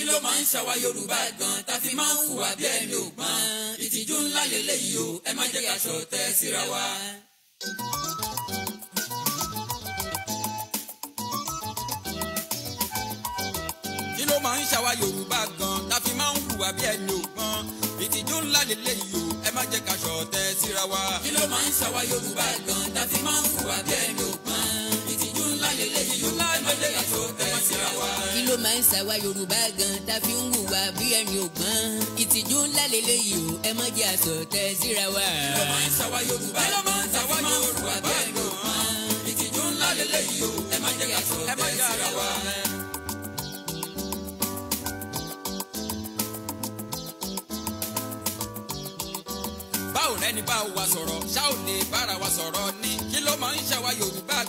kí ló máa ń ṣàwa yorùbá gan ta fi máa ń hùwà bí ẹni ògbọ́n ìtìjú ńlá lélẹ́yìí o ẹ má jẹ́ ká ṣọ̀tẹ̀ síra wa. kí ló máa ń ṣàwa yorùbá gan ta fi máa ń hùwà bí ẹni ògbọ́n ìtìjú ńlá lélẹ́yìí o ẹ má jẹ́ ká ṣọ̀tẹ̀ síra wa. kí ló máa ń ṣàwa yorùbá gan ta fi máa ń hùwà bí ẹni ògbọ́n ìtìjú ńlá lélẹ́yìí o méjèèjì tó tẹ̀lé síra wa. kí ló máa ń ṣàwa yorùbá gan ta fi ń hùwà bí ẹni ògbọ́n ìtìjú ńlá lélẹ́yìí o ẹ má jẹ́ àṣọ tẹ̀ síra wa. kí ló máa ń ṣàwa yorùbá kí ló máa ń ṣàwa bí ẹni ògbọ́n ìtìjú ńlá lélẹ́yìí o ẹ má jẹ́ àṣọ tẹ̀ síra wa. báwo lẹ́ni bá wa sọ̀rọ̀ ṣá lè bára wa sọ̀rọ̀ ni kí ló máa ń ṣàwa yorùbá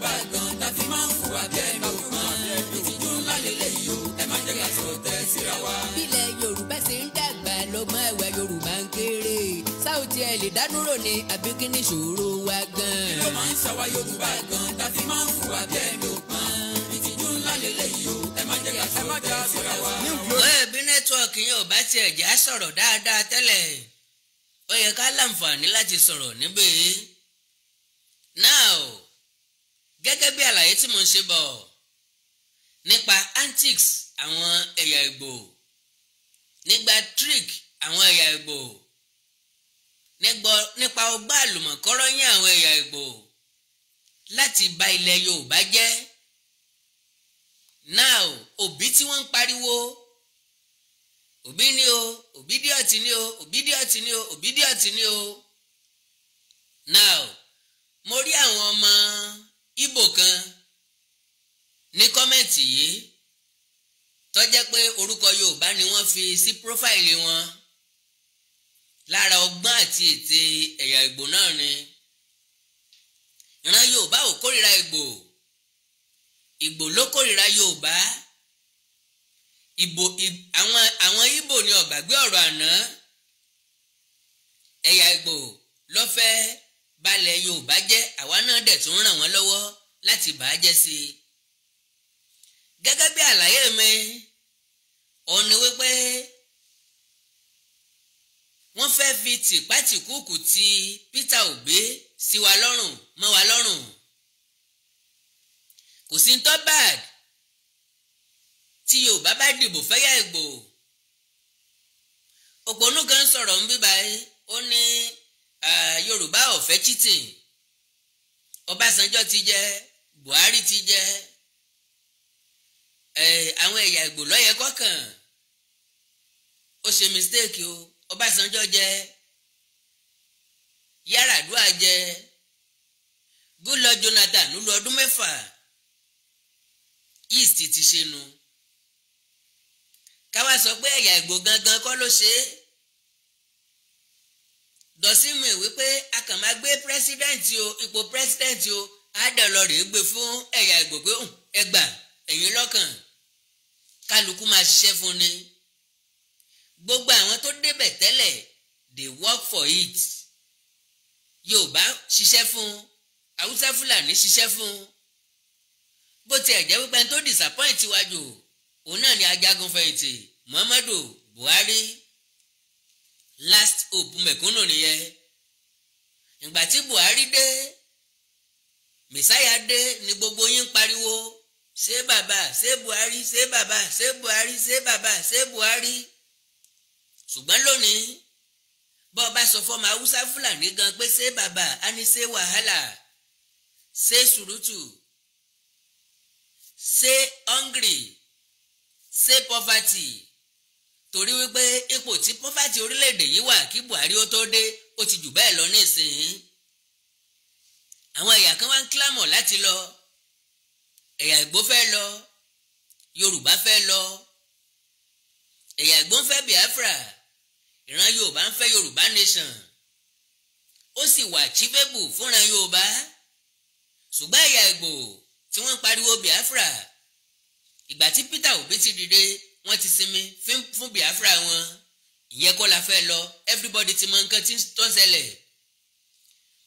Ìbàdàn tá fi máa ń fùwà bí ẹni òkúmọ́ ìtìjú ńlá lélẹ̀ yìí o ẹ má jẹ́ ká sọ ni àbí kí wa gan. Kí ló máa ń ṣàwa Yorùbá gan tá máa ń fùwà bí ẹni òkúmọ́ ìtìjú ńlá lélẹ̀ yìí o ẹ má jẹ́ ká sọ tẹ́ síra wa. Bóyá bí nẹ́tíwọ̀kì yóò bá tiẹ̀ já sọ̀rọ̀ dáadáa tẹ́lẹ̀ ó yẹ ká láǹfààní láti sọ̀rọ̀ níbẹ̀. Now gẹ́gẹ́ bí àlàyé tí mò ń ṣe bọ̀ nípa antics àwọn ẹ̀yà Ìgbò nígbà trick àwọn ẹ̀yà Ìgbò nípa ọgbà àlùmọ̀kọ́rọ́yìn àwọn ẹ̀yà Ìgbò láti bà ilẹ̀ Yorùbá jẹ́ now Òbí tí wọ́n ń pariwo Òbí ni o Òbídìọ̀tì ni o Òbídìọ̀tì ni o Òbídìọ̀tì ni o now mo rí àwọn ọmọ. Ibo kan ní kọ́mẹ̀ntì yìí tó jẹ́ pé orúkọ Yorùbá ni wọ́n fi sí prófáìlì wọn lára ọgbọ́n àti ète ẹ̀yà Ìgbò náà ni ìran Yorùbá ò kórìíra Ìgbò Ìgbò ló kórìíra Yorùbá ìbò àwọn ibo Ìgbò ni ọ̀gbàgbé ọ̀rọ̀ àná ẹ̀yà Ìgbò ló balẹ̀ Yorùbá jẹ́ àwa náà dẹ̀ tún ràn wọ́n lọ́wọ́ láti bàá jẹ́ sí i. gẹ́gẹ́ bí àlàyé mi ọ̀nà wípé wọ́n fẹ́ fi tìpátìkúùkù ti Peter Obi sí wa lọ́rùn mọ́ wa lọ́rùn kò sí ń bad tí Yorùbá bá dìbò fẹ́yà Ìgbò òpònú kan sọ̀rọ̀ ń bíbáyé ó ní yorùbá ò fẹ́ cheating ọbásanjọ́ ti jẹ buhari ti jẹ àwọn ẹ̀yà ìgbò lọ́yẹ kọ́kàn ó ṣe mistake o ọbásanjọ́ jẹ yàràdúà jẹ Goodluck Jonathan ló ọdún mẹ́fà east ti ṣe nu káwa sọ pé ẹ̀yà ìgbò gangan kọ́ ló ṣe é dọ̀símù wípé a kàn máa gbé pírẹ́sídẹ́ǹtì o ipò pírẹ́sídẹ́ǹtì o àádọ́lọ́ rèé gbé fún ẹ̀yà Ìgbò pé ẹgbà ẹ̀yìn lọ́kàn kálukú máa ṣiṣẹ́ fún ni gbogbo àwọn tó débẹ̀ tẹ́lẹ̀ they work for it Yorùbá ṣiṣẹ́ fún Haúsá Fúlàní ṣiṣẹ́ fún bó tiẹ̀ jẹ́ wípé tó disappoint wájú òun náà ni ajagun fẹ̀yìntì Muhammadu Buhari last hope mẹ̀kúnnù nìyẹn ìgbà tí Buhari dé Mẹsáyà dé ni gbogbo yín pariwo ṣé bàbá ṣé Buhari ṣé bàbá ṣé Buhari ṣé bàbá ṣé Buhari ṣùgbọ́n lónìí bọ́ ọba sọ fọmọ haúsá fúlàní gan pé ṣé bàbá á ní ṣe wàhálà ṣe sùrùtù ṣe hungry ṣe poverty torí wípé ipò tí pọ́fàtì orílẹ̀-èdè yìí wà kí Buhari ó tó dé ó ti jù bẹ́ẹ̀ lọ nísìnyí àwọn ẹ̀yà kan wá ń kílámọ̀ láti lọ ẹ̀yà Ìgbò fẹ́ lọ Yorùbá fẹ́ lọ ẹ̀yà Ìgbò ń fẹ́ Biafra ìran Yorùbá ń fẹ́ Yorùbá nation ó sì wà achievable fúnra Yorùbá ṣùgbọ́n ẹ̀yà Ìgbò tí wọ́n ń pariwo Biafra ìgbà tí Peter Obi ti dìde wọ́n ti sinmi fún Biafra wọn ìyẹn kọ́ la fẹ́ lọ everybody ti mọ nǹkan tí tó ń ṣẹlẹ̀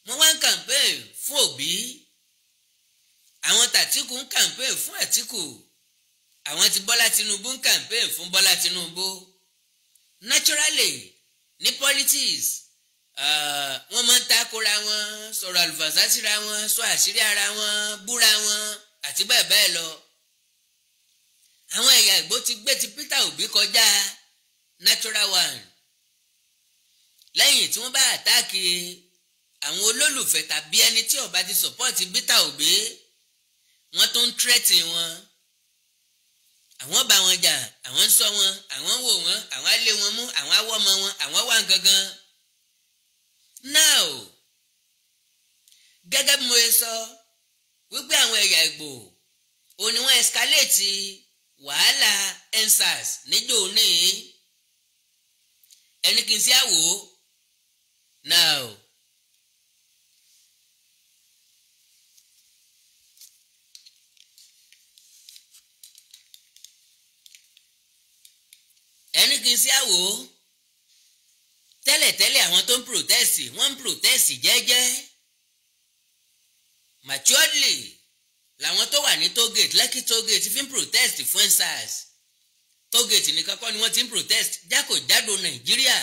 wọ́n wá ń campaign fún Obi àwọn tàtíkù ń campaign fún Àtíkù àwọn ti Bọ́lá Tinubu ń campaign fún Bọ́lá Tinubu naturally ní politics ah, wọ́n máa ń takora wọn sọ̀rọ̀ àlùfàṣà síra wọn sọ àṣírí ara wọn búra wọn àti bẹ́ẹ̀ bẹ́ẹ̀ lọ àwọn ẹ̀yà ìgbó ti gbé ti Peter Obi kọjá natural one lẹ́yìn tí wọ́n bá àtáàkì àwọn olólùfẹ́ tàbí ẹni tí ọba ti sọ̀pọ́ọ̀tì Peter Obi wọ́n tún ń tírẹ́tì wọn àwọn bá wọn jà àwọn ń sọ wọn àwọn ń wò wọn àwọn á lé wọn mú àwọn á wọ́ ọmọ wọn àwọn wà nǹkan gan now gẹ́gẹ́ bí mo ṣe sọ wípé àwọn ẹ̀yà Ìgbò òní wọn escalate wàhálà ensars níjó ní ẹni kì í sí àwò náà o. ẹni kì í sí àwò tẹ́lẹ̀tẹ́lẹ̀ àwọn tó ń protest wọ́n ń protest jẹ́jẹ́ maturely làwọn tó wà ní tógètì lẹ́kì tógètì fi ń protest fún endsars tógètì nìkan kọ́ ni wọ́n ti ń protest jákòjádò nàìjíríà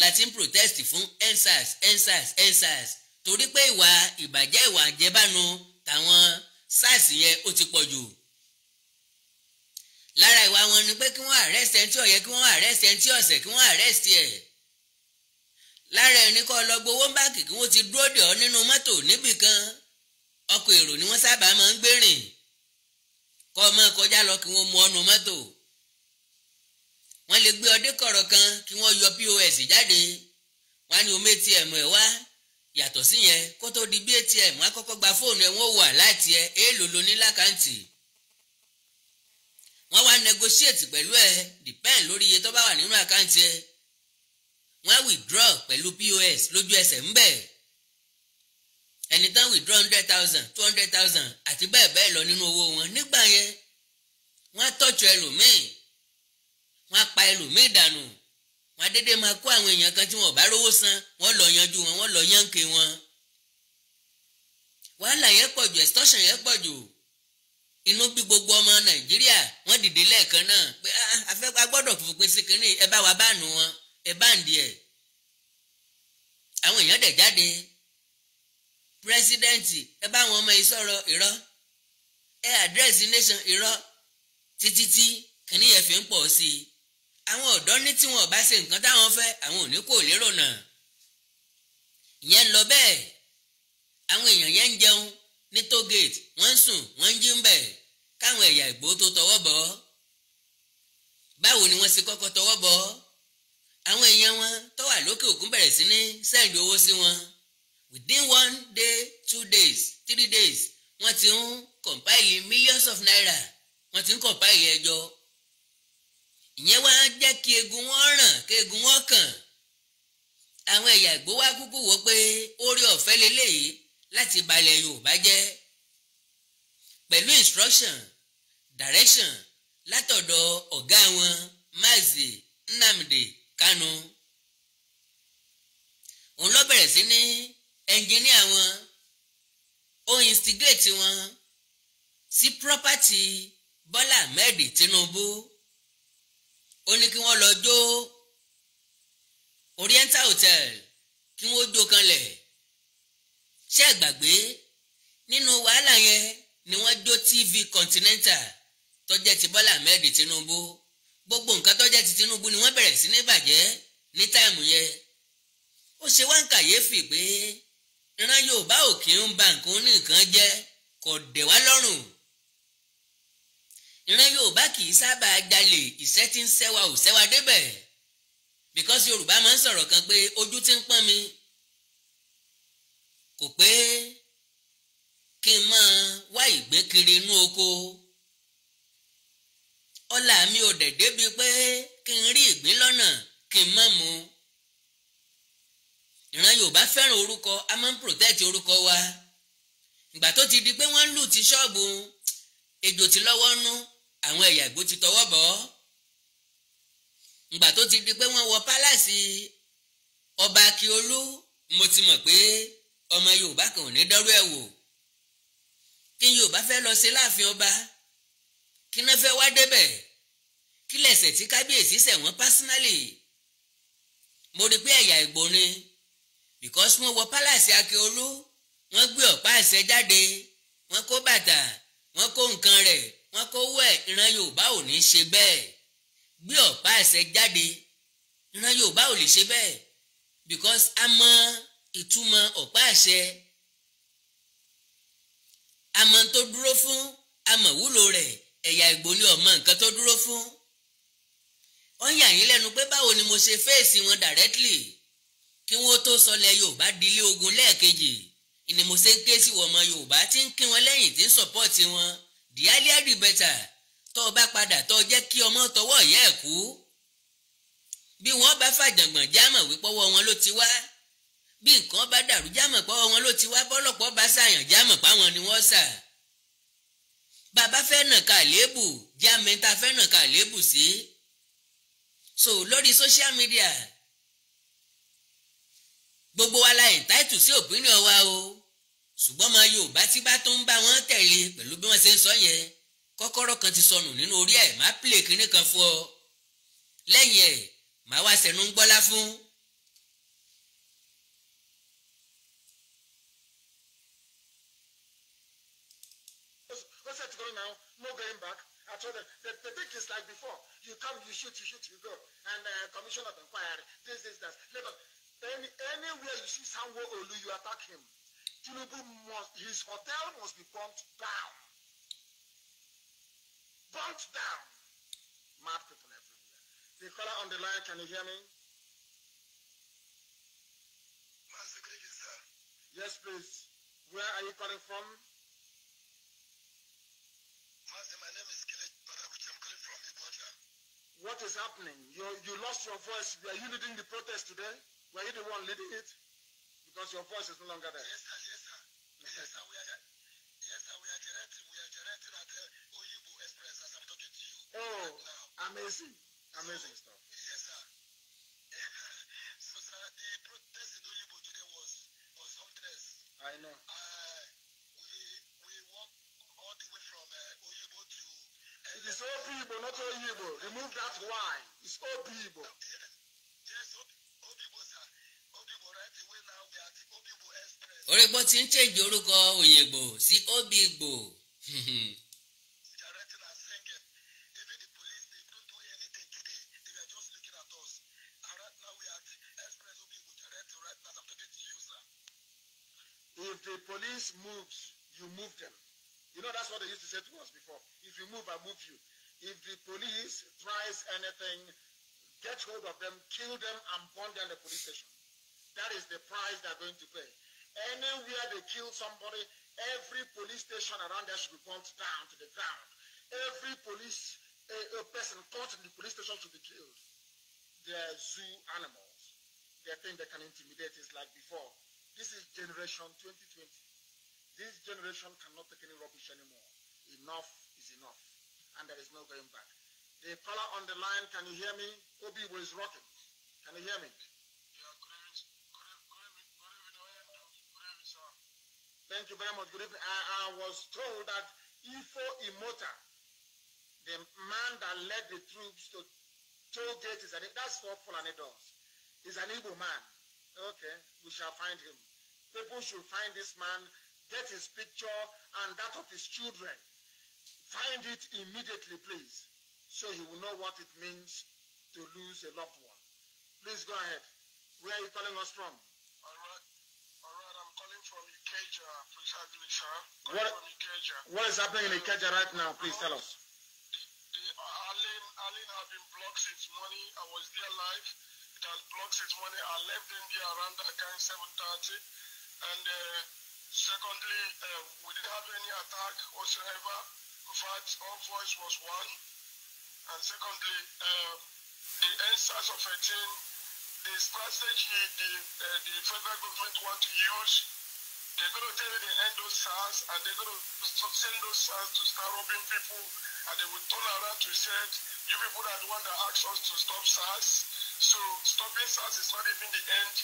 la ti ń protest fún endsars endsars endsars torí pé ìwà ìbàjẹ́ ìwà àjẹbánu tàwọn sars yẹn ó ti pọ̀ jù lára ìwà wọn ni pé kí wọ́n arrest ẹni tí ó yẹ kí wọ́n arrest ẹni tí ọ̀sẹ̀ kí wọ́n arrest ẹ̀ lára ẹni kọ́ lọ gbowó báńkì kí wọ́n ti dúró dè ọ́ nínú mọ́tò níbì ọkọ̀ èrò ni wọ́n sábà máa ń gbérìn kọ́ ọ máa kọjá lọ kí wọ́n mú ọnù mọ́tò wọ́n lè gbé ọdẹ kọ̀rọ̀ kan kí wọ́n yọ pọ́s jáde wọ́n á ní omi atm ẹ̀ wá yàtọ̀ sí yẹn kó tó di bí atm wọ́n á kọ́kọ́ gba fóònù ẹ̀ wọ́n wà láti ẹ̀ èèlò ló ní lákàntì wọ́n wá negotiate pẹ̀lú ẹ̀ depend lórí iye tó bá wà nínú àkáǹtì ẹ̀ wọ́n á withdraw pẹ̀lú pọ́s lójú ẹsẹ̀ ńbẹ̀ ẹni tán withdraw hundred thousand two hundred thousand àti bẹ́ẹ̀ bẹ́ẹ̀ lọ nínú owó wọn nígbà yẹn wọ́n á tọ́jú ẹlòmíì wọ́n á pa ẹlòmíì dànù wọ́n á dédé máa kó àwọn èèyàn kan tí wọ́n bá rówó san wọ́n lọ yanjú wọn wọ́n lọ yànké wọn. wàhálà yẹn pọ̀ jù extortion yẹn pọ̀ jù inú bí gbogbo ọmọ nàìjíríà wọ́n dìde lẹ́ẹ̀kan náà pé afẹ́ ah, ah, agbọ́dọ̀ fòpin sí kínní ẹ bá wa bá nù wọn ẹ bá ń di ẹ̀ àwọn èèyàn dẹ̀ jáde pírẹsidẹ́ǹtì ẹ bá àwọn ọmọ yìí sọ̀rọ̀ irọ́ ẹ àdírẹ́sì nation irọ́ títí tí kìnìyẹn fi ń pọ̀ sí i àwọn ọ̀dọ́ ní tí wọn bá ṣe nǹkan táwọn fẹ́ àwọn ò ní kò lérò náà ìyẹn ń lọ bẹ́ẹ̀ àwọn èèyàn yẹn ń jẹun ní tógèètì wọ́n ń sùn wọ́n ń jí ń bẹ̀ káwọn ẹ̀yà ìgbò tó tọwọ́ bọ̀ báwo ni wọ́n ṣe kọ́kọ́ tọwọ́ bọ̀ ọ́ àwọn èèyàn wọn tó wà lókè òkun bẹ̀rẹ̀ sí ní sẹ́ǹdì owó sí wọn. Si within one day two days three days wọ́n ti ń compile millions of naira wọ́n ti ń compile ẹjọ́ ìyẹn wá jẹ́ kí egun wọn ràn kí egun wọn kàn àwọn ẹ̀yà Ìgbò wá kúkú wò pé orí ọ̀fẹ́ lélẹ́yìí láti balẹ̀ Yorùbá jẹ́ pẹ̀lú instruction direction látọ̀dọ̀ ọ̀gá wọn Mazi Nnamdi Kanu òun ló bẹ̀rẹ̀ sí ní ẹnjìníà wọn ó instigate wọn sí property Bọ́lá Ahmed Tinubu ó ní kí wọ́n lọ jó Oriental Hotel kí wọ́n jó kanlẹ̀ ṣé ẹ gbàgbé nínú wàhálà yẹn ni wọ́n jó TV Continental tó jẹ́ ti Bọ́lá Ahmed Tinubu gbogbo nǹkan tó jẹ́ ti Tinubu ni wọ́n bẹ̀rẹ̀ sí ní bàjẹ́ ní táìmù yẹn ó ṣe wá ń kàyéfì pé ìran yorùbá ò ń ba nǹkan oníkan jẹ́ kò dẹ̀ wá lọ́rùn ìran yorùbá kì í sábà jalè ìṣẹ́ tí ń ṣẹ́wà ò ṣẹ́wà débẹ̀ because yorùbá máa ń sọ̀rọ̀ kan pé ojú ti ń pọ́n mi kò pé kí n máa wá ìgbín kiri inú oko ọlá mi ò dẹ̀ débi pé kí n rí ìgbín lọ́nà kí n má mu ìran yorùbá fẹ́ràn orúkọ a máa ń protect orúkọ wa ìgbà tó ti di pé wọ́n lù ti ṣọ́ọ̀bù ejò ti lọ́wọ́ nú àwọn ẹ̀yà ìgbó ti tọwọ́ bọ̀ ọ́ ìgbà tó ti di pé wọ́n wọ pálásì ọba akiolú mo ti mọ̀ pé ọmọ yorùbá kan ò ní dọ́rú ẹ̀ wò kí yorùbá fẹ́ lọ sí láàfin ọba kí náà fẹ́ wá débẹ̀ kí lẹ̀sẹ̀ tí kábíyèsí ṣẹ̀ wọ́n personally mo rí pé ẹ̀yà ìgbó ni because wọ́n wọ pálàsì Akíọ̀lú wọ́n gbé ọ̀pá àṣẹ jáde wọ́n kó bàtà wọ́n kó nǹkan rẹ̀ wọ́n kó wẹ̀ ìran Yorùbá ò ní ṣe bẹ́ẹ̀ gbé ọ̀pá àṣẹ jáde ìran Yorùbá ò lè ṣe bẹ́ẹ̀ because a mọ ìtumọ̀ ọ̀pá àṣẹ a mọ tó dúró fún a mọ wúlò rẹ̀ ẹ̀yà Ìgbò ni ọmọ nǹkan tó dúró fún wọ́n yà yín lẹ́nu pé báwo ni mo ṣe fèsì wọn directly kí wọ́n tó sọlẹ̀ yorùbá dilé ogun lẹ́ẹ̀kejì ìní mo ṣe ń ké sí ọmọ yorùbá tí ń kí wọn lẹ́yìn tí ń sọ̀pọ́ọ̀tì wọn the earlier the better tó o bá padà tó o jẹ́ kí ọmọ tọwọ́ ìyá ẹ̀ kú bí wọ́n bá fàjàngbọ̀n jámọ̀ wípọ́wọ́ wọn ló ti wá bí nǹkan bá dàrú jámọ̀ pọ́wọ́ wọn ló ti wá bọ́lọ́pọ̀ bá ṣàyàn jámọ̀ páwọn ni wọ́n ṣà bàbá fẹ́ nà ká lébù jámẹ́ta fẹ́ nà ká lébù sí so lórí social media gbogbo wa la entitled sí opinion wa o ṣùgbọ́n ọmọ Yorùbá tí bá tó ń bá wọn tẹ̀lé pẹ̀lú bí wọ́n ṣe ń sọ yẹn kọ́kọ́rọ́ kan ti sọnù nínú orí ẹ̀ má plé kinní kan fún ọ lẹ́yìn ẹ̀ má wá sẹ́nu ń gbọ́lá fún. I told them, the, the thing like before. You come, you shoot, you shoot, you go. And uh, commission of inquiry, this, this, that. Let Any anywhere you see Sanwo Olu, oh, you attack him. Tinubu must his hotel must be burnt down. Burnt down. Mad people everywhere. The caller on the line, can you hear me? Master sir. Yes, please. Where are you calling from? Master, my name is Kelechi What is happening? You you lost your voice. Are you leading the protest today? Were you the one leading it? Because your voice is no longer there. Yes, sir. Yes, sir. yes, sir. We are the, yes, sir. We are directing. We are directing at uh, Oyibo Express as I'm talking to you. Oh, right now. amazing, amazing so, stuff. Yes, sir. so, sir, the protest in Oyibo today was was something else. I know. Uh, we we walk all the way from uh, Oyibo to. Uh, it is Oyibo, not Oyibo. Remove that Y. It's Oyibo. Uh, yeah. orígbó ti ń chèjì orúkọ òyìnbó sí obi ìgbò. If the police moves, you move them. You know, that's what they used to say to us before. If you move, I move you. If the police tries anything, get hold of them, kill them, and burn them at the police station. That is the price they're going to pay. Anywhere they kill somebody, every police station around there should be burnt down to the ground. Every police a, a person caught in the police station should be killed. They're zoo animals. They think they can intimidate us like before. This is generation 2020. This generation cannot take any rubbish anymore. Enough is enough. And there is no going back. The caller on the line, can you hear me? Obi is rocking. Can you hear me? Thank you very much. Good evening. I, I was told that Ifo Imota, the man that led the troops to toll gate, is an, that's what Fulani does. He's an Igbo man. Okay, we shall find him. People should find this man, get his picture and that of his children. Find it immediately, please, so he will know what it means to lose a loved one. Please go ahead. Where are you calling us from? What, what is happening in Ikeja right now? Please tell us. The, the Alin, Alin have been blocked since morning. I was there live. It has blocked since morning. I left them there around again 7.30. And uh, secondly, uh, we didn't have any attack whatsoever. In fact, all voice was one. And secondly, uh, the NSAS of 18, the strategy the, uh, the federal government want to use They're going to tell you they end those SARS and they're going to send those SARS to start robbing people and they will turn around to say, you people are the one that asked us to stop SARS. So stopping SARS is not even the end.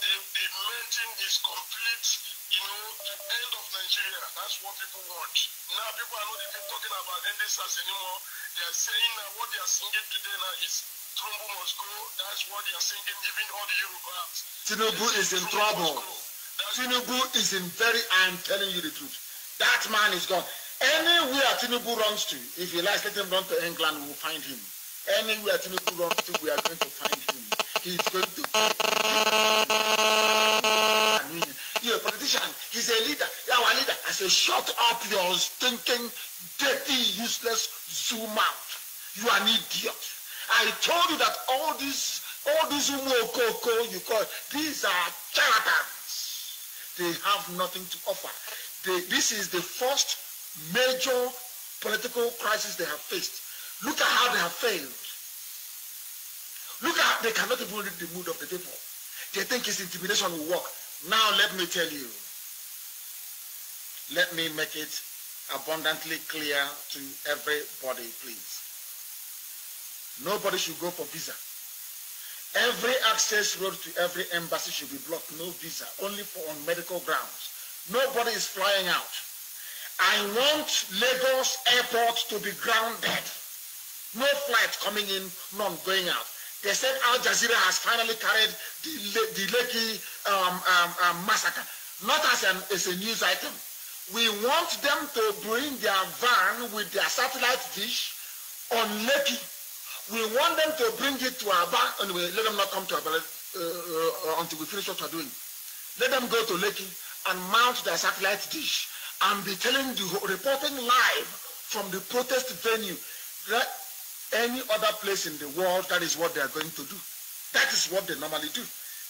The, the thing is complete, you know, the end of Nigeria. That's what people want. Now people are not even talking about ending SARS anymore. They are saying that what they are singing today now is Trumbo must go. That's what they are singing, even all the Europeans. Tinubu is in trouble. Tinubu is in very, I am telling you the truth. That man is gone. Anywhere Tinubu runs to, if he likes, let him run to England, we will find him. Anywhere Tinubu runs to, we are going to find him. He's going to... I mean, you're a politician. He's a leader. You're our leader. I say, shut up your stinking, dirty, useless zoo mouth. You are an idiot. I told you that all these, all these umokoko you call, these are charlatans they have nothing to offer. They, this is the first major political crisis they have faced. Look at how they have failed. Look at they cannot even read the mood of the people. They think it's intimidation will work. Now let me tell you. Let me make it abundantly clear to everybody, please. Nobody should go for visa. Every access road to every embassy should be blocked. No visa, only for on medical grounds. Nobody is flying out. I want Lagos airport to be grounded. No flight coming in, none going out. They said Al Jazeera has finally carried the, the Lekki um, um, um, massacre. Not as, an, as a news item. We want them to bring their van with their satellite dish on Lekki We want them to bring it to Aba. Anyway, let them not come to Aba uh, uh, until we finish what we're doing. Let them go to Lekki and mount their satellite dish and be telling the reporting live from the protest venue that any other place in the world that is what they are going to do. That is what they normally do.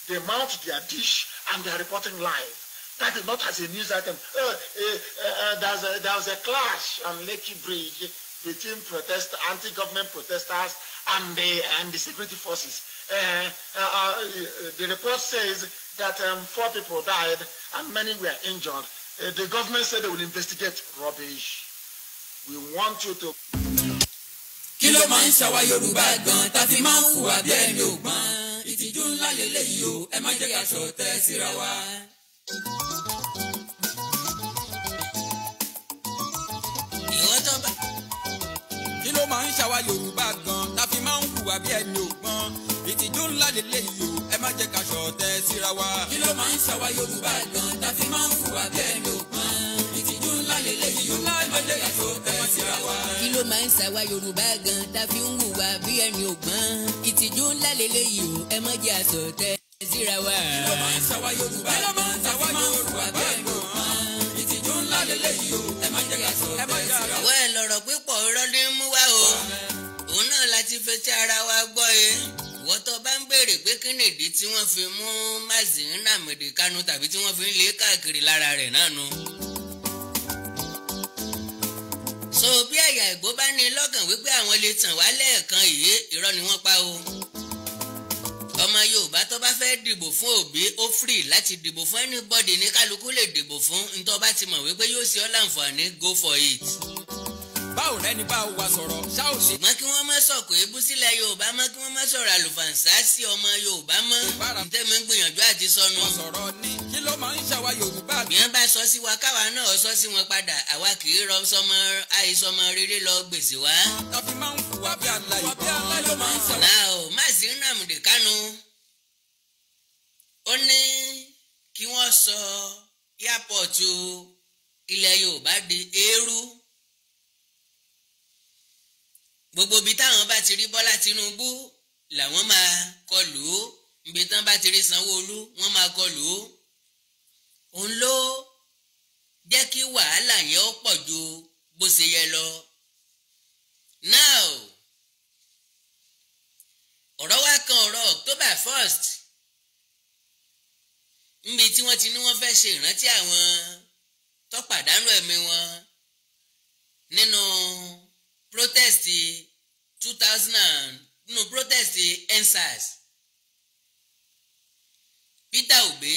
They mount their dish and they are reporting live. That is not as a news item. Uh, uh, uh, uh there's a, there was a clash on Lekki Bridge between protest, anti-government protesters and the, and the security forces. Uh, uh, uh, the report says that um, four people died and many were injured. Uh, the government said they will investigate. Rubbish. We want you to. kí ló máa ń ṣàwa yorùbá gan tá fi máa ń hùwà bí ẹni ògbọ́n ìtìjú ńlá lélẹ́yìí o ẹ má jẹ́ ká sọ tẹ́ síra wa. kí ló máa ń ṣàwa yorùbá gan hùwà bí ẹni ògbọ́n ìtìjú ńlá lélẹ́yìí o ẹ má jẹ́ ká ṣọ̀tẹ̀ síra wa. kí ló máa ń ṣàwa yorùbá gan tá fi máa ń hùwà bí ẹni ògbọ́n ìtìjú ńlá lélẹ́yìí o ẹ má jẹ́ ká ṣọ̀tẹ̀ síra wa. kí ló máa ń ṣàwa yorùbá gan tá fi ń hùwà bí ẹni ògbọ́n ìtìjú ńlá lélẹ́yìí o ẹ má jẹ́ àṣọ̀tẹ̀ síra wa. kí ló máa ń ṣàwa yorùbá gan tá fi máa ń hùwà bí ẹni ògbọ́n ìtìjú náà láti fetí ara wa gbọ́ e ìwọ́n tó bá ń béèrè pé kí nìdí tí wọ́n fi mú Mazi Nnamdi Kanu tàbí tí wọ́n fi ń lé káàkiri lára rẹ̀ náà nu. so bí àyà ìgbó bá ní lọ́kàn wípé àwọn lè tàn wá lẹ́ẹ̀kan yìí irọ́ ni wọ́n pa o ọmọ Yorùbá tó bá fẹ́ dìbò fún Obi ó free láti dìbò fún anybody ní kálukú lè dìbò fún ntọ́ bá ti mọ̀ wípé yóò ṣe ọ́ láǹfààní go for it bá ò rẹ́ni bá ò wà sọ̀rọ̀ ṣá ò lè. mọ kí wọ́n má sọ̀kò èébú sílẹ̀ yorùbá mọ kí wọ́n má sọ̀rọ̀ àlùfàǹsá sí ọmọ yorùbá mọ. ntẹ́mi gbìyànjú àti sọnù. wọ́n sọ̀rọ̀ ni kí ló máa ń ṣàwa yorùbá. bí wọ́n bá sọ sí wa káwa náà sọ sí wọn padà àwa kì í rọ sọmọ àìsọmọ rere lọ gbèsè wa. tàbí máa ń fùwà bí bí aláì ló ọ̀la ò má sí Nnamdi Kanu ó ní kí wọ́n sọ airport ilẹ̀ yorùbá di eérú gbogbo ibi táwọn bá ti rí Bọ́lá Tinubu làwọn máa kọlù ó ibi tán bá ti rí Sanwó-Olú wọ́n máa kọlù ó òun ló jẹ́ kí wàhálà yẹn ó pọ̀ ju bó ṣe yẹ lọ. now ọ̀rọ̀ wá kan ọ̀rọ̀ October first níbi tí wọ́n ti ní wọ́n fẹ́ ṣe ìrántí àwọn tó ẹ̀mí wọn nínú. No protest two thousand and nínú protest ensars Peter Obi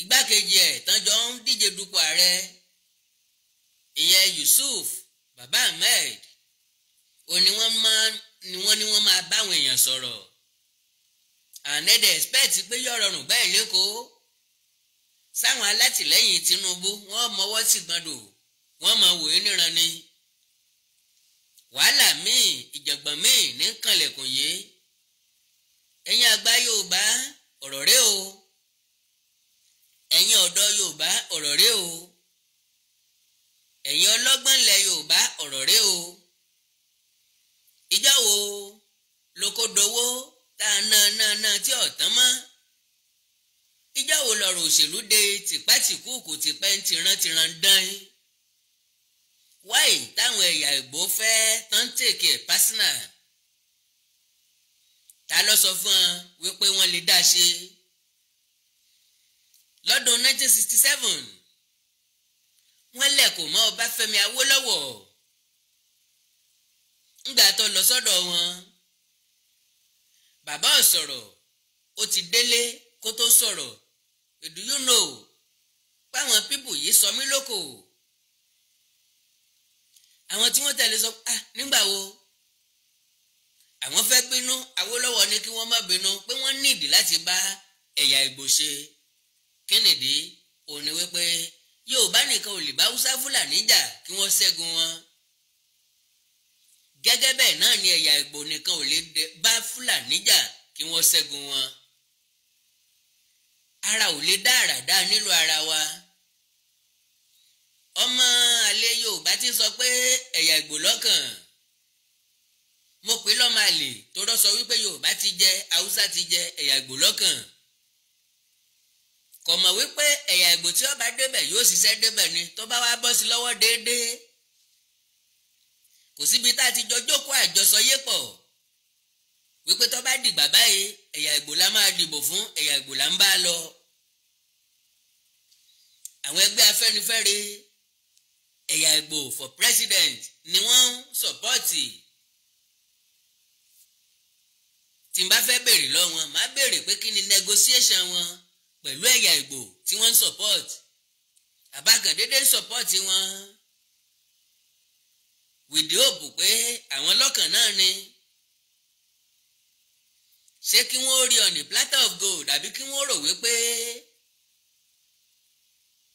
igbákejì ẹ̀ tán jọ ń díje dupò ààrẹ ìyẹn Yusuf Baba Ahmed ò ní wọ́n máa ni wọ́n máa báwọn èèyàn sọ̀rọ̀ ànẹ́dẹ̀ expect pé yóò rọrùn báyìí lẹ́kọ̀ọ́ sáwọn alátìlẹ́yìn Tinubu wọ́n mọwọ́ sí gbọ́dọ̀ wọ́n mọ wòye níran ni wàhálà míì ìjàngbọ̀n míì ní kànlẹ̀kùn yìí ẹ̀yin àgbà Yorùbá ọ̀rọ̀ rẹ o ẹ̀yin ọ̀dọ́ Yorùbá ọ̀rọ̀ rẹ o ẹ̀yin ọlọ́gbọ́n ilẹ̀ Yorùbá ọ̀rọ̀ rẹ o ìjọ wo lokodowó tá a ná ná ná tí ọ̀tán mọ́ ìjọ wo lọ̀rọ̀ òṣèlú de tìpátìkú kò tìpẹ́ ń tiran tiran dán yín wáì táwọn ẹ̀yà ìgbò fẹ́ tán tèkè pásínà ta ló sọ fún ọ wípé wọ́n lè dá ṣe lọ́dún 1967 wọ́n lẹ̀ kò mọ́ Ọbáfẹ́mi Awólọ́wọ̀ ńgbà tó lọ sọ́dọ̀ wọn bàbá ò sọ̀rọ̀ ó ti délé kó tó sọ̀rọ̀ do you know páwọn pípù yìí sọ mí lóko àwọn tí wọ́n tẹ̀lé sọ ah nígbà wo àwọn fẹ́ bínú Awólọ́wọ̀ ni kí wọ́n má bínú pé wọ́n nídìí láti bá ẹ̀yà Ìgbò ṣe kí nìdí òun ni wípé Yorùbá nìkan ò lè bá Haúsá Fúlàní jà kí wọ́n ṣẹ́gun wọn gẹ́gẹ́ bẹ́ẹ̀ náà ni ẹ̀yà Ìgbò nìkan ò lè bá Fúlàní jà kí wọ́n ṣẹ́gun wọn ara ò lè dá àràdá nílò ara wa ọmọ àlè Yorùbá ti sọ pé ẹ̀yà Ìgbò lọ́kàn mo pè lọ́mọ àlè tó rọ́ sọ wípé Yorùbá ti jẹ Haúsá ti jẹ ẹ̀yà Ìgbò lọ́kàn kò mọ̀ wípé ẹ̀yà Ìgbò tí ó débẹ̀ yóò ṣiṣẹ́ débẹ̀ ni tó bá wá bọ́ sí lọ́wọ́ déédéé kò síbi tá a ti jọ jókòó àjọsọ yé pọ̀ wípé tó bá dìgbà báyìí ẹ̀yà Ìgbò la máa dìbò fún ẹ̀yà Ìgbò la ń bá lọ àwọn ẹgbẹ́ Afẹ́nifẹ́re ẹ̀yà Ìgbò for president ni wọ́n ń sọ̀pọ́ọ̀tì tí n bá fẹ́ béèrè lọ́wọ́ wọn máa pé kí ni negotiation wọn pẹ̀lú ẹ̀yà Ìgbò tí wọ́n ń support àbákan dédé support wọn wìdí òbù pé àwọn lọ́kàn náà ni ṣé kí wọ́n rí on the platter of gold àbí kí wọ́n rò wípé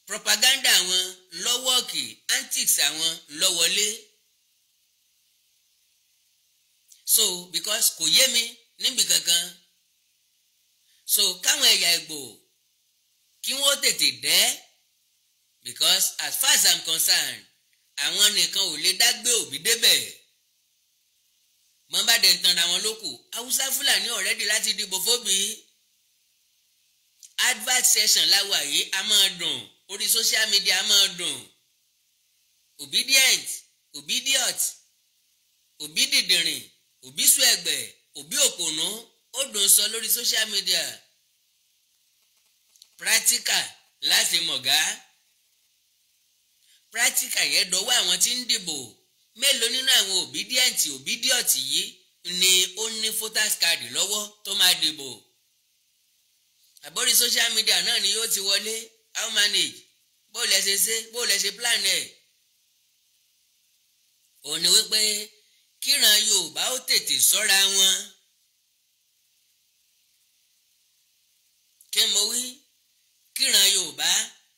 propaganda àwọn lọ́wọ́ọ̀kì antics àwọn lọ́wọ́lé so because kò yé mi níbi kankan so káwọn ẹ̀yà Ìgbò kí wọ́n tètè dẹ́ because as far as i'm concerned àwọn nìkan ò lè dágbé òbí débẹ̀ mọ́bàdé ń tanra wọn lókù haúsá fúlàní ọ̀rẹ́dì láti dìbò fóbi advert session láwàyé a máa dùn orí social media máa dùn obedient obediot òbí dìdìrìn òbí sùn ẹgbẹ́ òbí òpònú ó dùn sọ lórí social media practical láti mọ̀gá practical yẹn dọ́wọ́ àwọn tí ń dìbò mélòó nínú àwọn obedient obediot yìí ni ó ní voters card lọ́wọ́ tó máa dìbò àbórí social media náà ni yóò ti wọlé how manage bó lẹ ṣe ṣe bó lẹ ṣe plan ẹ òun ni wípé kíran Yorùbá ó tètè sọ́ra wọn kí mo wí kíran Yorùbá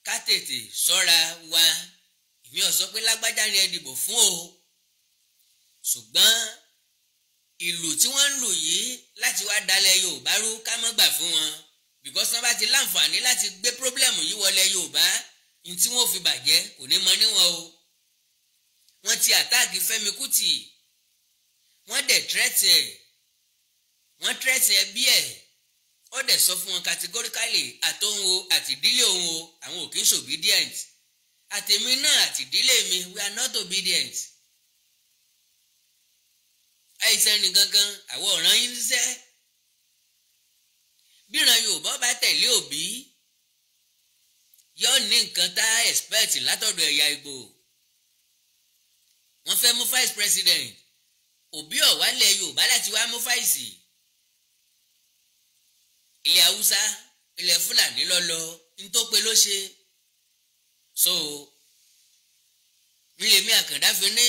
ká tètè sọ́ra wa èmi ò sọ pé lágbájá ni ẹ dìbò fún o ṣùgbọ́n ìlù tí wọ́n ń lù yìí láti wá dalẹ̀ Yorùbá rú ká má gbà fún wọn because wọ́n bá ti láǹfààní láti gbé pírọ́blẹ́mù yìí wọlé Yorùbá ní tí wọ́n fi bàjẹ́ kò ní mọ níwọ̀n o wọ́n ti àtáàkì Fẹ́mi Kútì wọ́n dẹ̀ tírẹ́tì ẹ̀ wọ́n tírẹ́tì ẹ̀ bí ẹ̀ ó dẹ̀ sọ fún wọn categorically àtòhun o àti ìdílé òun o àwọn ò kì obedient àtèmi náà àti ìdílé mi we are not obedient àìsàn nìkankan àwọn ọ̀ràn yín ṣiṣẹ́ bíran Yorùbá bá tẹ̀lé òbí yóò ní nǹkan tá a expect látọ̀dọ̀ ẹ̀yà Ìgbò wọ́n fẹ́ mú vice president òbí ọ̀wálẹ̀ Yorùbá láti wá mú vice ilẹ̀ Haúsá ilẹ̀ Fúlàní lọ́lọ́ ntópe ló ṣe so nílẹ̀mí Àkàndá fi ní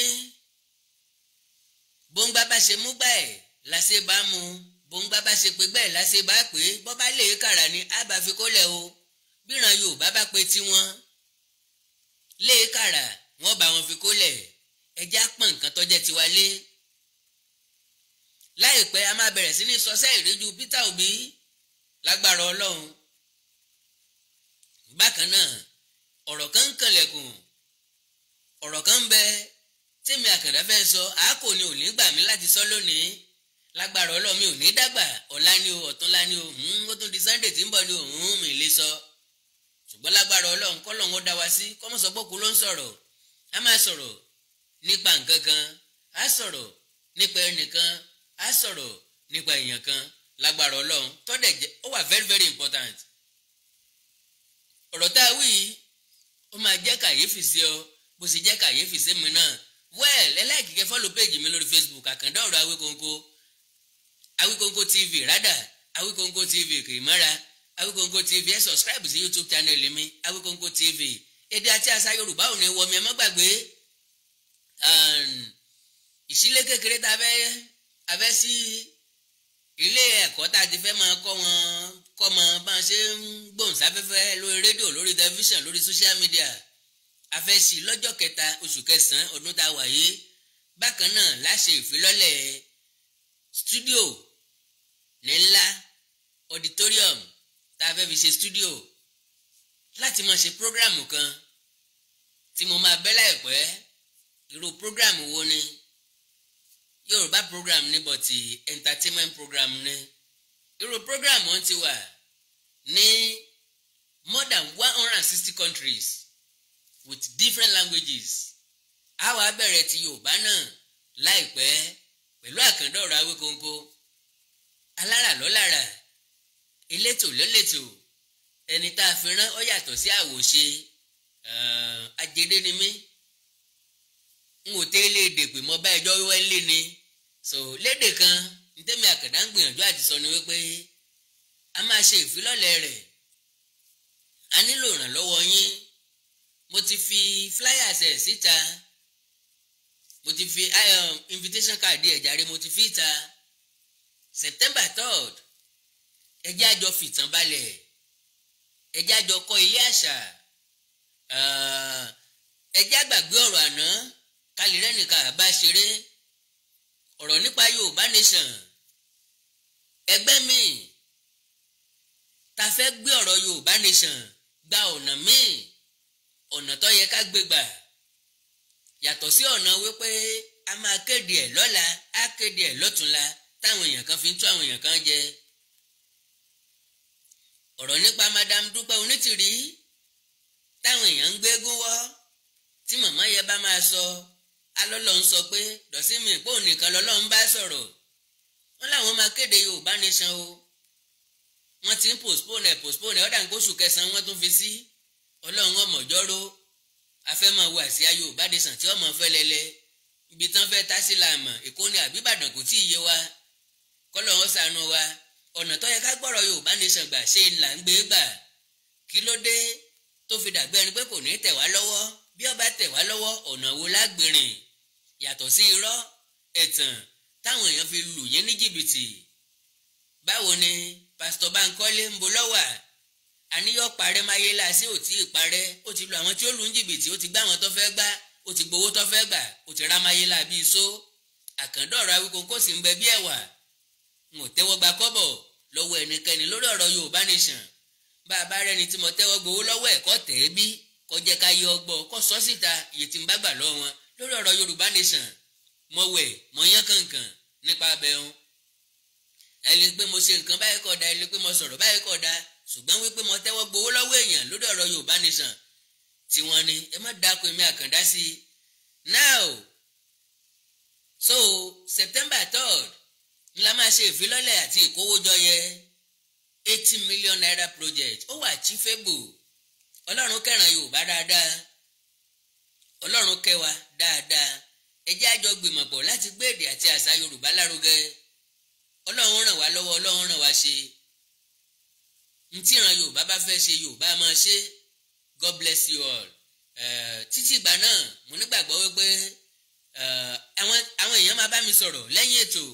bóńgbá bá ṣe mú gbà ẹ̀ la ṣe bá mú un bóńgbà bá ṣe pé bẹ́ẹ̀ láṣẹ bá pé bọ́bá lè kàrà ni á bá fi kólẹ̀ o bíran Yorùbá bá pe tiwọn lè kàrà wọ́n bá wọn fi kólẹ̀ ẹjẹ́ àpọ̀ nǹkan tọ́jẹ́ tiwa lé láìpẹ́ a máa bẹ̀rẹ̀ sí ní sọ́sẹ́ ìríjú Peter Obi lágbára Ọlọ́run bákan náà ọ̀rọ̀ kan ń kanlẹ̀kùn ọ̀rọ̀ kan ń bẹ tèmi Àkàndá fẹ́ sọ àákò ni ò ní gbà mí láti sọ lónìí lágbára ọlọ́mi ò ní dàgbà ọ̀la ni o ọ̀túnla ni o hmm, ó tún di sunday tí ń bọ̀ ni o hmm, mi lè sọ ṣùgbọ́n lágbára ọlọ́run kọ́ lọ́run ó dá wa sí kọ́mọ̀sọ́gbọ́kú ló ń sọ̀rọ̀ a máa sọ̀rọ̀ nípa nǹkan kan a sọ̀rọ̀ nípa ẹnìkan a sọ̀rọ̀ nípa èèyàn kan lágbára ọlọ́run tọ́dẹ̀ jẹ́ ó wà very very important ọ̀rọ̀ tá a wí yìí ó máa jẹ́ kàyéfì sí ọ bó sì jẹ́ kàyéfì sí mi náà well ẹ láìkí kẹ́ fọ́lù péèjì mi lórí Facebook Àkàndá Ọ̀rọ̀ Awíkonko awikonko tv rada. awikonko tv kìrìmọ́ra awikonko tv ẹ sọ̀scribe sí youtube channel mi awikonko tv èdè àti àṣà yorùbá ò ní wọ mi ẹ má gbàgbé ìsílẹ̀ kékeré tá a fẹ́ a fẹ́ sí ilé ẹ̀kọ́ tá a ti fẹ́ máa kọ́ wọn kọ́ mọ bá a ṣe ń gbóhùnsáfẹ́fẹ́ lórí rédíò lórí tẹlifíṣàn lórí social media a fẹ́ sí lọ́jọ́ kẹta oṣù kẹsàn-án ọdún tá a wà yìí bákan náà láṣẹ ìfilọ́lẹ̀ stúdíò ní auditorium tá a fẹ́ fi ṣe studio láti máa ṣe prógráàmù kan tí mo máa bẹ́ láìpẹ́ irú prógráàmù wo ni yorùbá prógráàmù ni bọ̀tì entertainment prógráàmù ni irú prógráàmù wọn ti wà ní more than one hundred and sixty countries with different languages a wá bẹ̀rẹ̀ ti yorùbá náà láìpẹ́ pẹ̀lú àkàndọ̀rọ̀ Awíkonko alára ló lára elétò ló létò ẹni tá a fi rán ọ yàtọ̀ sí àwòṣe ajẹdẹ ni mí n ò tẹ́ lé èdè pé mo bá ẹjọ́ wíwẹ́ lé ni so lédè kan ntẹ́mi àkàndá ń gbìyànjú àti sọ ni wípé a máa ṣe ìfilọ́lẹ̀ rẹ̀ a nílò ìrànlọ́wọ́ yín mo ti fi flyers ẹ̀ síta mo ti fi invitation card ẹ̀ járe mo ti fi ta. September third ẹjẹ́ àjọ fìtàn balẹ̀ ẹjẹ́ àjọ kọ́ ilé àṣà ẹjẹ́ àgbàgbé ọ̀rọ̀ àná kálírẹ́nìkà bá ṣeré ọ̀rọ̀ nípa Yorùbá nation ẹgbẹ́ mi ta fẹ́ gbé ọ̀rọ̀ Yorùbá nation gba ọ̀nà míì ọ̀nà tó yẹ ká gbé gbà yàtọ̀ sí ọ̀nà wípé a máa kéde ẹ̀ lọ́la á kéde ẹ̀ lọ́túnla táwọn èèyàn kan fi ń tú àwọn èèyàn kan jẹ ọ̀rọ̀ nípa Madam Dúpẹ́ Onítìrí táwọn èèyàn ń gbégún wọ́ tí màmá yẹ bá máa sọ alọ́lọ́ ń sọ pé dọ̀símì pò nìkan lọ́lọ́ ń bá sọ̀rọ̀ wọ́n láwọn máa kéde Yorùbá nation o wọ́n ti ń postpone ẹ̀ postpone ẹ̀ ọ̀dà ń kóṣù kẹsàn-án wọ́n tún fi sí ọlọ́run ọmọjọ́rọ́ afẹ́mọ̀ wo àsíá Yorùbá nation tí ọmọ fẹ́ lẹ́lẹ́ ibi tán fẹ́ tásílàmù Èkó ni àbíbàdàn kò tí ì yé wa kọ́lọ̀ wọn ṣàánú wa ọ̀nà tó yẹ ká gbọ́rọ̀ Yorùbá nation gbà ṣe ń là ń gbé gbà kí ló dé tó fi dàgbẹ́ ẹni pé kò ní tẹ̀ wá lọ́wọ́ bí ó bá tẹ̀ wá lọ́wọ́ ọ̀nà wo lágbèrìn yàtọ̀ sí irọ́ ẹ̀tàn táwọn èèyàn fi lù yín ní jìbìtì báwo ni pásítọ̀ Bánkọ́lé ń bo lọ́wà àníyàn parẹ́ máyé láàṣẹ ò tí ì parẹ́ ó ti lu àwọn tí ó lù ń jìbìtì ó ti gbá àwọn tó fẹ́ gbá ó ti gbowó tó fẹ́ gbà ó ti ra máyé láàbí iṣó àkàndọ̀rọ̀ Awíkonko sì ń bẹ bí ẹ̀wà mo tẹ́wọ́ gba kọ́bọ̀ lọ́wọ́ ẹnikẹ́ni lórí ọ̀rọ̀ Yorùbá Nation bá a bá rẹni tí mo tẹ́wọ́ gbowó lọ́wọ́ ẹ̀ kọ́ tẹ̀ é bí kó jẹ́ ká yọ ọgbọ́ kó sọ síta iye tí ń bá gbà lọ́wọ́ wọn lórí ọ̀rọ̀ Yorùbá Nation mo wẹ̀ mo yán kankan nípa abẹ́hùn ẹ lè pé mo ṣe nǹkan báyìí kódà ẹ lè pé mo sọ̀rọ̀ báyìí kódà ṣùgbọ́n wípé mo tẹ́wọ́ gbowó lọ́wọ́ èèyàn lórí ọ̀rọ̀ Yorùbá Nation tí wọ́n ní ẹ má dáko èmi àkàndá sí i now so September third la máa ṣe ìfilọ́lẹ̀ àti ìkówójọ yẹ eighty million naira project ó wà achievable ọlọ́run kẹràn yorùbá dáadáa ọlọ́run kẹwàá dáadáa ẹ jẹ́ àjọ gbìmọ̀pọ̀ láti gbé èdè àti àṣà yorùbá lárugẹ ọlọ́run ràn wá lọ́wọ́ ọlọ́run ràn wá ṣe ntí ìran yorùbá bá fẹ́ ṣe yorùbá máa ṣe god bless you all títí ìgbà náà mo nígbàgbọ́ wípé àwọn èèyàn máa bá mi sọ̀rọ̀ lẹ́yìn ètò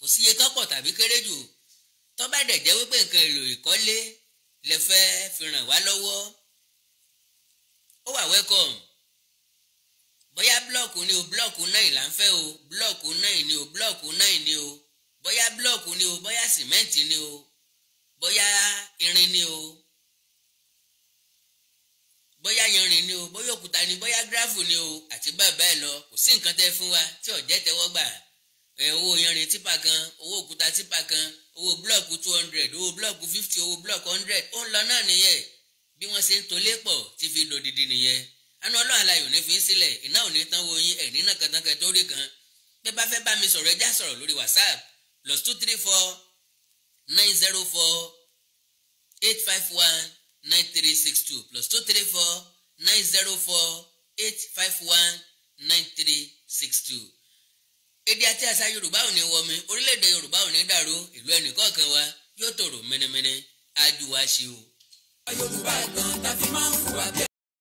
kò sí iye tọ́pọ̀ tàbí kéré jù tó bá dẹ̀ jẹ́ wípé nǹkan èlò ìkọ́lé lè fẹ́ fi ràn wá lọ́wọ́ ó wà welcome bóyá blọ́ọ̀kù ni o blọ́ọ̀kù náà là ń fẹ́ o blọ́ọ̀kù náà ni o blọ́ọ̀kù náà ni o bóyá blọ́ọ̀kù ni o bóyá sìmẹ́ǹtì ni o bóyá irin ni o bóyá irin ni o bóyá òkúta ni bóyá gíráfù ni o àti bẹ́ẹ̀ bẹ́ẹ̀ lọ kò sí nǹkan tẹ́ fún wa tí ò tẹ́wọ́ gbà á owó yanrìn tìpa kan owó òkúta tìpa kan owó búlọ̀kù two hundred owó búlọ̀kù fifty owó búlọ̀kù hundred ó ń lọ náà nìyẹn bí wọ́n ṣe ń tolé pọ̀ ti fi dòdìdì nìyẹn anú ọlọ́run alayò ní fi ń sílẹ̀ iná ò ní tán wo yín ẹ̀ní náà kankankan tó rí kan pé bá fẹ́ bá mi sọ̀rọ̀ ẹja sọ̀rọ̀ lórí whatsapp plus two three four nine zero four eight five one nine three six two plus two three four nine zero four eight five one nine three six two èdè àti àṣà yorùbá ò ní wọmi orílẹ̀-èdè yorùbá ò ní dàrú ìlú ẹnìkọ̀ọ̀kan wa yóò tòrò mẹ́nẹ́mẹ́nẹ́ ájú wa ṣe o. yorùbá gan ta máa ń fò wá bí